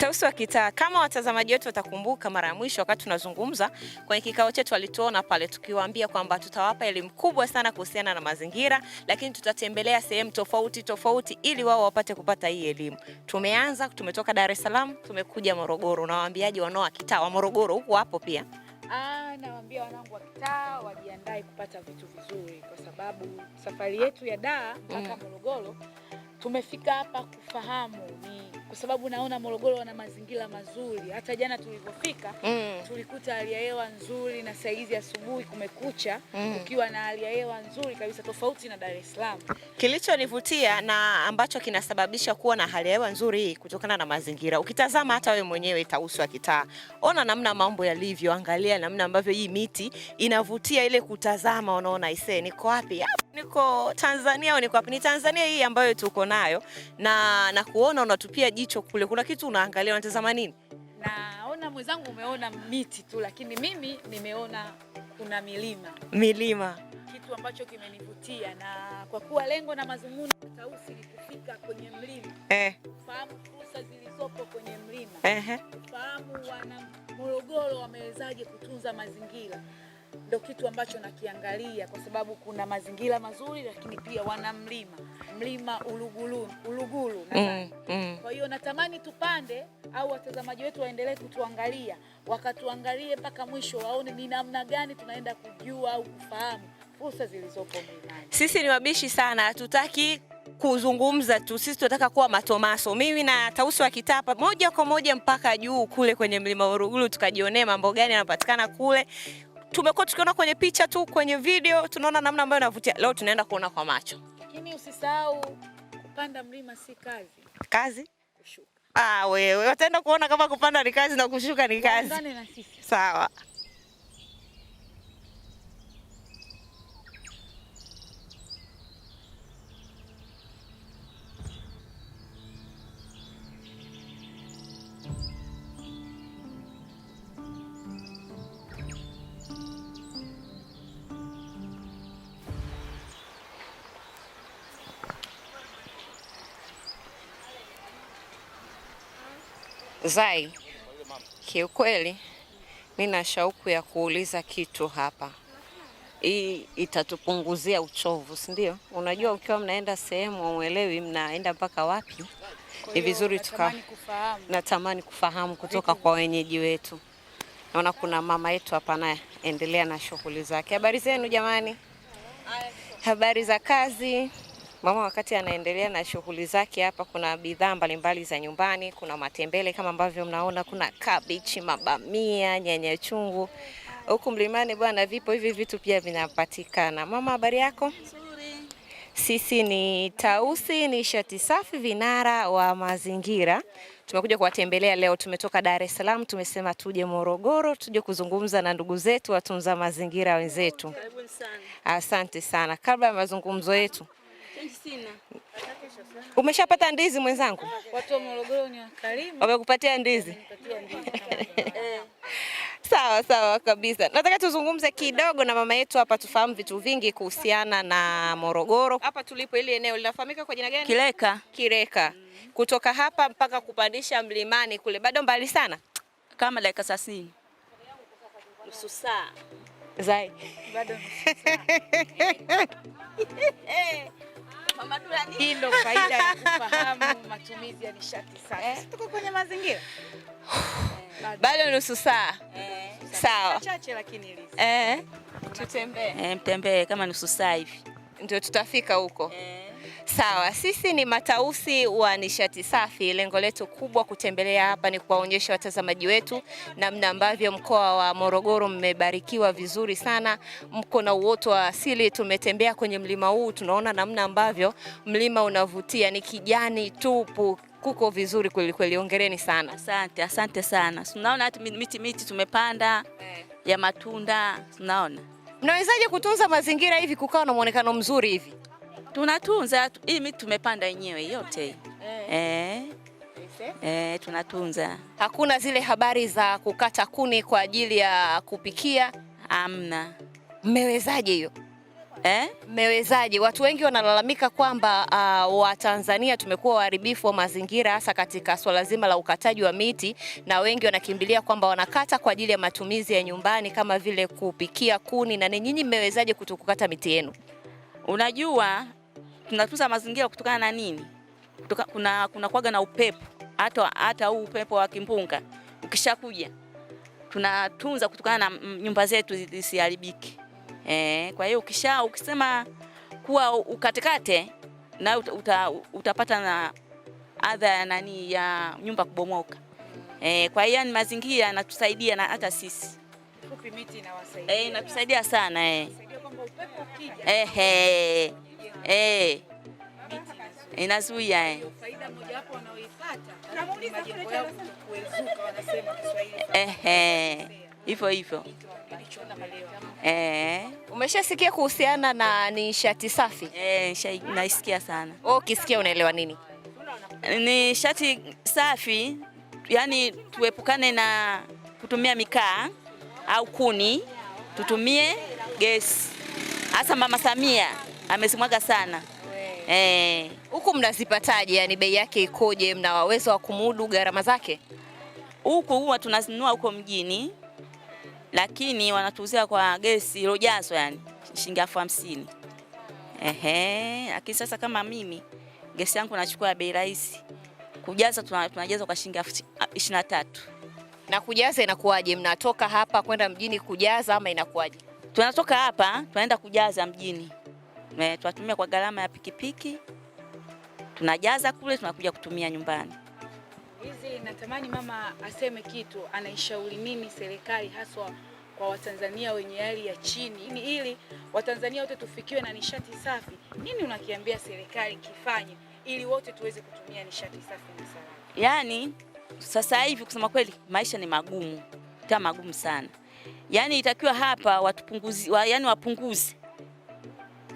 Tausi wa Kitaa, kama watazamaji wetu watakumbuka, mara ya mwisho wakati tunazungumza kwenye kikao chetu alituona pale tukiwaambia kwamba tutawapa elimu kubwa sana kuhusiana na mazingira, lakini tutatembelea sehemu tofauti tofauti ili wao wapate kupata hii elimu. Tumeanza, tumetoka Dar es Salaam, tumekuja Morogoro. Unawaambiaje wanao wa Kitaa wa Morogoro huku wapo pia? Ah, nawaambia wanangu wa Kitaa wajiandae kupata vitu vizuri, kwa sababu safari yetu ya Dar mpaka mm. Morogoro tumefika hapa kufahamu ni kwa sababu naona Morogoro wana mazingira mazuri. Hata jana tulipofika mm. tulikuta hali ya hewa nzuri, na saizi asubuhi kumekucha mm. ukiwa na hali ya hewa nzuri kabisa, tofauti na Dar es Salaam. Kilichonivutia na ambacho kinasababisha kuwa na hali ya hewa nzuri hii kutokana na mazingira. Ukitazama hata wewe mwenyewe Tausi wa Kitaa, ona namna mambo yalivyo, angalia namna ambavyo hii miti inavutia ile kutazama, unaona ise, niko wapi? Niko Tanzania au niko wapi? Ni Tanzania hii ambayo tuko nayo, na na kuona unatupia jicho kule, kuna kitu unaangalia, unatazama nini? Naona mwenzangu, umeona miti tu, lakini mimi nimeona kuna milima milima kitu ambacho kimenivutia na kwa kuwa lengo na mazungumzo ya Tausi ni kufika kwenye mlima eh, fahamu fursa zilizopo kwenye mlima eh, fahamu wana Morogoro wamewezaje kutunza mazingira ndo kitu ambacho nakiangalia kwa sababu kuna mazingira mazuri, lakini pia wana mlima mlima Uluguru, Uluguru mm, mm. Kwa hiyo natamani tupande, au watazamaji wetu waendelee kutuangalia wakatuangalie mpaka mwisho, waone ni namna gani tunaenda kujua au kufahamu fursa zilizopo mlimani. Sisi ni wabishi sana, hatutaki kuzungumza tu, sisi tunataka kuwa matomaso. Mimi na Tausi wa Kitapa moja kwa moja mpaka juu kule kwenye mlima Uluguru, tukajionea mambo gani yanapatikana kule tumekuwa tukiona kwenye picha tu, kwenye video tunaona namna ambayo inavutia, leo tunaenda kuona kwa macho. Lakini usisahau kupanda mlima si kazi, kazi kushuka. Ah, wewe wataenda kuona kama kupanda ni kazi na kushuka ni kazi. Sawa. Zai, kiukweli mi na shauku ya kuuliza kitu hapa. Hii itatupunguzia uchovu, si ndio? Unajua, ukiwa mnaenda sehemu hamuelewi mnaenda mpaka wapi. Ni vizuri tuka, natamani kufahamu kutoka kwa wenyeji wetu. Naona kuna mama yetu hapa anaendelea endelea na shughuli zake. Habari zenu jamani, habari za kazi. Mama wakati anaendelea na shughuli zake hapa, kuna bidhaa mbalimbali za nyumbani, kuna matembele kama ambavyo mnaona, kuna kabichi, mabamia, nyanya chungu. Huku mlimani bwana, vipo hivi vitu pia vinapatikana. Mama, habari yako? Sisi ni Tausi Nishati Safi, vinara wa mazingira. Tumekuja kuwatembelea leo, tumetoka Dar es Salaam, tumesema tuje Morogoro, tuje kuzungumza na ndugu zetu watunza mazingira wenzetu. Asante sana. Kabla ya mazungumzo yetu Sina. Umeshapata ndizi mwenzangu? Watu wa Morogoro ni wakarimu. Wamekupatia ndizi? Sawa sawa kabisa. Nataka tuzungumze kidogo na mama yetu hapa tufahamu vitu vingi kuhusiana na Morogoro. Hapa tulipo ili eneo linafahamika kwa jina gani? Kireka. Kireka. Mm. Kutoka hapa mpaka kupandisha mlimani kule bado mbali sana? Kama dakika 30. Nusu saa. Zai. Bado nusu saa. Hii ndio faida ya kufahamu matumizi ya nishati safi. Eh? Tuko kwenye mazingira eh, bado nusu saa eh, sawa chache lakini eh, tutembee eh, mtembee kama nusu saa hivi ndio tutafika huko eh. Sawa, sisi ni matausi wa nishati safi. Lengo letu kubwa kutembelea hapa ni kuwaonyesha watazamaji wetu namna ambavyo mkoa wa Morogoro mmebarikiwa vizuri sana, mko na uoto wa asili. Tumetembea kwenye mlima huu, tunaona namna ambavyo mlima unavutia, ni kijani tupu kuko vizuri kweli kweli, ongereni sana. Asante, asante sana. Tunaona hata miti miti tumepanda eh. ya matunda. Tunaona mnawezaje kutunza mazingira hivi kukawa na mwonekano mzuri hivi? tunatunza hii miti tumepanda yenyewe yote eh. eh. Eh, tunatunza. Hakuna zile habari za kukata kuni kwa ajili ya kupikia? Amna. Mmewezaje hiyo eh? Mmewezaje? Watu wengi wanalalamika kwamba uh, Watanzania tumekuwa waharibifu wa mazingira hasa katika swala zima la ukataji wa miti, na wengi wanakimbilia kwamba wanakata kwa ajili ya matumizi ya nyumbani kama vile kupikia kuni na ni Nyinyi mmewezaje kutokukata miti yenu? Unajua tunatunza mazingira kutokana na nini? Kutoka, kuna kuna kwaga na upepo, hata hata huu upepo wa kimbunga ukishakuja tunatunza kutokana na nyumba zetu zisiharibike. Eh, kwa hiyo ukisha ukisema kuwa ukatekate na uta, uta, utapata na adha ya nani ya nyumba kubomoka. Eh, kwa hiyo ni mazingira yanatusaidia na hata sisi kupi miti inawasaidia. Eh, inatusaidia sana eh. Inasaidia kwamba upepo ukija. Eh, eh eh, inazuia eh. Ehe, hivyo hivyo. Eh, umeshasikia kuhusiana na nishati safi? Eh, naisikia sana. Wewe oh, ukisikia unaelewa nini? ni shati safi, yani tuepukane na kutumia mikaa au kuni, tutumie gesi. Hasa Mama Samia amesimwaga sana eh. huku. E, mnazipataje? Yani bei yake ikoje? Mna uwezo wa kumudu gharama zake? Huku huwa tunazinunua huko mjini, lakini wanatuuzia kwa gesi ilojazwa, yani shilingi elfu hamsini. Ehe, lakini sasa kama mimi gesi yangu nachukua bei rahisi, kujaza tunajaza kwa shilingi elfu ishirini na tatu. Na kujaza inakuwaje? Mnatoka hapa kwenda mjini kujaza ama inakuwaje? Tunatoka hapa tunaenda kujaza mjini tunatumia kwa gharama ya pikipiki, tunajaza kule, tunakuja kutumia nyumbani. Hizi natamani mama aseme kitu, anaishauri nini serikali haswa kwa Watanzania wenye hali ya chini, ni ili Watanzania wote tufikiwe na nishati safi. Nini unakiambia serikali kifanye ili wote tuweze kutumia nishati safi na salama? Yaani sasa hivi kusema kweli, maisha ni magumu, ta magumu sana. Yaani itakiwa hapa watupunguzi, wa, yaani wapunguze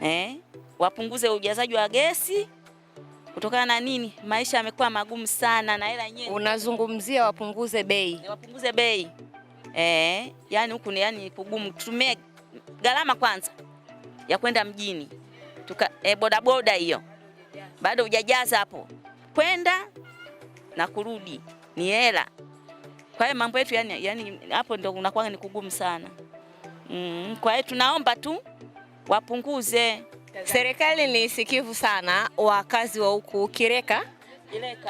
eh, wapunguze ujazaji wa gesi kutokana na nini? Maisha yamekuwa magumu sana na hela nyingi. Unazungumzia wapunguze bei, eh, wapunguze bei eh, yani huku ni yani kugumu. Tutumie gharama kwanza ya kwenda mjini tuka eh, bodaboda hiyo bado hujajaza hapo, kwenda na kurudi ni hela. Kwa hiyo mambo yetu yani, yani hapo ndio unakuwa ni kugumu sana mm. Kwa hiyo tunaomba tu wapunguze. Serikali ni sikivu sana, wakazi wa huku Kireka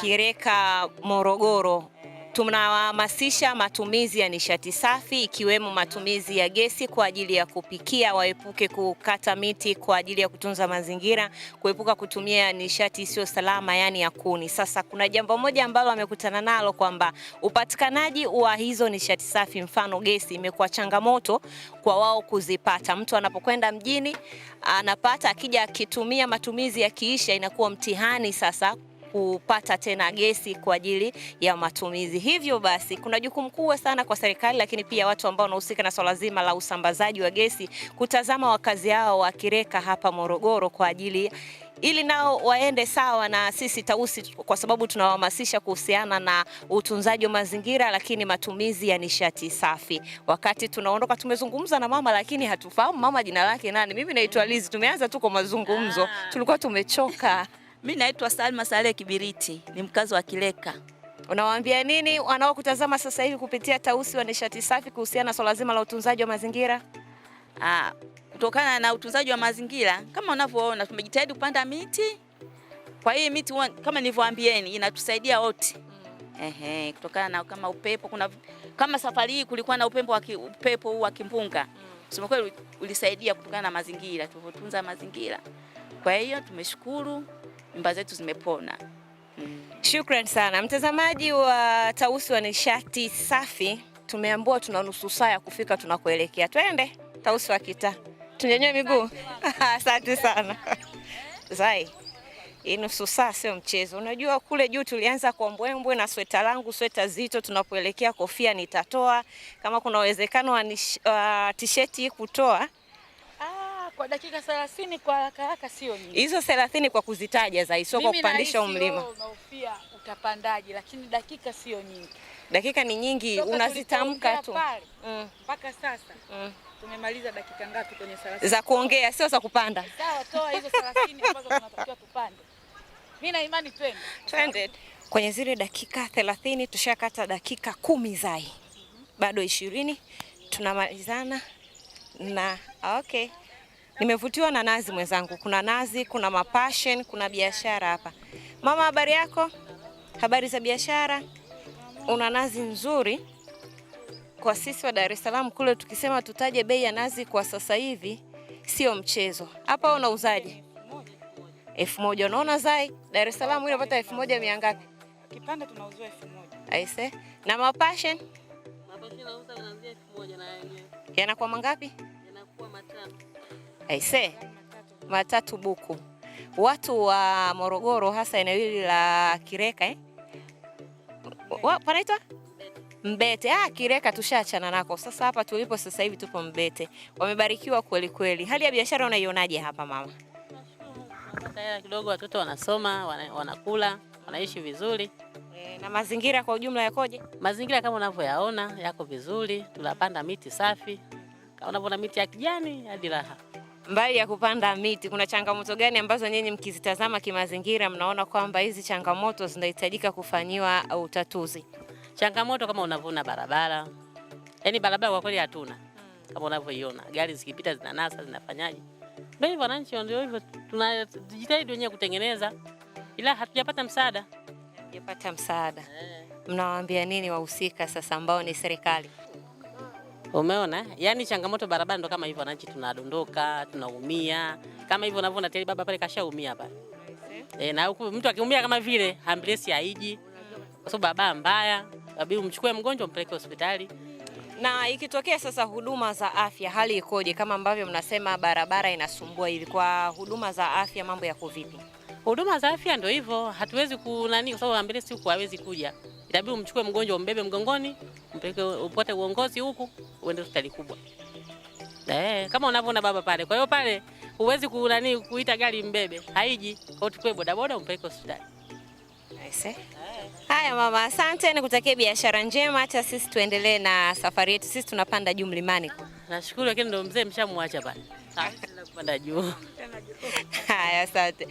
Kireka, Morogoro tunawahamasisha matumizi ya nishati safi ikiwemo matumizi ya gesi kwa ajili ya kupikia, waepuke kukata miti kwa ajili ya kutunza mazingira, kuepuka kutumia nishati isiyo salama, yani ya kuni. Sasa kuna jambo moja ambalo amekutana nalo kwamba upatikanaji wa hizo nishati safi, mfano gesi, imekuwa changamoto kwa wao kuzipata. Mtu anapokwenda mjini anapata, akija akitumia matumizi yakiisha, inakuwa mtihani sasa kupata tena gesi kwa ajili ya matumizi. Hivyo basi kuna jukumu kubwa sana kwa serikali, lakini pia watu ambao wanahusika na swala zima la usambazaji wa gesi kutazama wakazi hao wa Kireka hapa Morogoro kwa ajili ili nao waende sawa na sisi Tausi, kwa sababu tunawahamasisha kuhusiana na utunzaji wa mazingira, lakini matumizi ya nishati safi. Wakati tunaondoka tumezungumza na mama, lakini hatufahamu mama jina lake nani. Mimi naitwa Liz, tumeanza tu kwa mazungumzo, ah. tulikuwa tumechoka. Mimi naitwa Salma Saleh Kibiriti, ni mkazi wa Kileka. Unawaambia nini wanaokutazama sasa hivi kupitia Tausi wa Nishati Safi kuhusiana na swala zima la utunzaji wa mazingira? Ah, kutokana na utunzaji wa mazingira kama unavyoona tumejitahidi kupanda miti. Kwa hiyo miti kama nilivyowaambieni inatusaidia wote. Mm. Ehe, kutokana na kama upepo kuna kama safari hii kulikuwa na upepo wa upepo wa kimbunga. Mm. Sema kweli ulisaidia kutokana na mazingira, tulivyotunza mazingira. Kwa hiyo tumeshukuru nyumba zetu zimepona. Mm. Shukran sana mtazamaji wa Tausi wa Nishati Safi, tumeambua tuna nusu saa ya kufika tunakoelekea. Twende Tausi wa Kitaa tunyanywe miguu. Asante sana Zai. Hii nusu saa sio mchezo. Unajua kule juu tulianza kwa mbwembwe na sweta langu, sweta zito. Tunapoelekea kofia nitatoa, kama kuna uwezekano wa uh, tisheti kutoa kwa dakika 30 kwa haraka haraka sio nyingi. Hizo 30 kwa kuzitaja za sio kwa kupandisha mlima. Unahofia utapandaje, lakini dakika sio nyingi. Dakika ni nyingi unazitamka tu. Mm. Mpaka mm. sasa. Mm. Tumemaliza dakika ngapi kwenye 30? Za kuongea sio za kupanda. Sawa, toa hizo 30 ambazo tunatakiwa tupande. Mimi na imani twende. Twende. Kwenye zile dakika 30 tushakata dakika kumi zai. Mm -hmm. Bado 20 tunamalizana na okay. Nimevutiwa na nazi mwenzangu, kuna nazi, kuna mapashen, kuna biashara hapa. Mama, habari yako? Habari za biashara? Una nazi nzuri. Kwa sisi wa Dar es Salaam kule tukisema tutaje bei ya nazi kwa sasa hivi sio mchezo. Hapa unauzaje? elfu moja. Unaona zai Dar es Salaam ile unapata elfu moja mia ngapi? Kipande tunauzwa elfu moja. Aise. Na mapashen? Mapashen unauza kuanzia elfu moja na yenyewe. Yanakuwa mangapi? Yanakuwa matano aise, eh, matatu buku. Watu wa Morogoro hasa eneo hili la Kireka eh? panaitwa Mbete. Ah, Kireka tushaachana nako sasa. Hapa tulipo sasa hivi tupo Mbete, wamebarikiwa kweli kweli. Hali ya biashara unaionaje hapa mama? Sasa kidogo watoto wanasoma, wanakula, wanaishi vizuri eh, Na mazingira kwa ujumla yakoje? Mazingira kama unavyoyaona yako vizuri, tunapanda miti safi, kama unavyoona miti ya kijani hadi raha. Mbali ya kupanda miti, kuna changamoto gani ambazo nyinyi mkizitazama kimazingira mnaona kwamba hizi changamoto zinahitajika kufanyiwa utatuzi? Changamoto kama unavyoona barabara, yaani barabara kwa kweli hatuna kama unavyoiona, gari zikipita zinanasa, zinafanyaje? Ndio hivyo, wananchi ndio hivyo, tunajitahidi wenyewe kutengeneza, ila hatujapata msaada, hatujapata msaada. Eh. Mnawaambia nini wahusika sasa ambao ni serikali? Umeona, yaani changamoto barabara ndo kama hivyo, wananchi tunadondoka, tunaumia kama hivyo unavyoona, tayari baba pale kashaumia hapa Eh, na huku mtu akiumia kama vile ambulance haiji, kwa sababu baba mbaya, abidi umchukue mgonjwa umpeleke hospitali. Na ikitokea sasa huduma za afya, hali ikoje? Kama ambavyo mnasema barabara inasumbua hivi, kwa huduma za afya mambo yako vipi? Huduma za afya ndio hivyo, hatuwezi kunani, kwa sababu ambulance huku hawezi kuja, itabidi umchukue mgonjwa umbebe mgongoni, mpeke upate uongozi huku uende hospitali kubwa eh, kama unavyoona baba pale. Kwa hiyo pale huwezi kunani kuita gari mbebe, haiji. Kwa bodaboda umpeleke hospitali. Nice. Eh? Haya mama, asante, nikutakie biashara njema, acha sisi tuendelee na safari yetu. Sisi tunapanda juu mlimani. Nashukuru, lakini ndo mzee mshamwacha pale ah, kupanda juu. Haya, asante.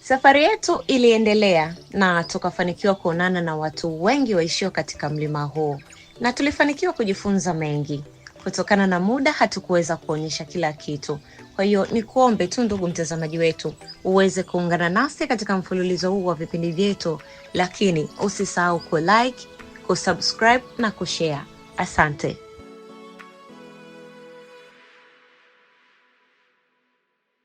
Safari yetu iliendelea na tukafanikiwa kuonana na watu wengi waishio katika mlima huu na tulifanikiwa kujifunza mengi. Kutokana na muda, hatukuweza kuonyesha kila kitu. Kwa hiyo ni kuombe tu, ndugu mtazamaji wetu, uweze kuungana nasi katika mfululizo huu wa vipindi vyetu, lakini usisahau kulike, kusubscribe na kushare. Asante.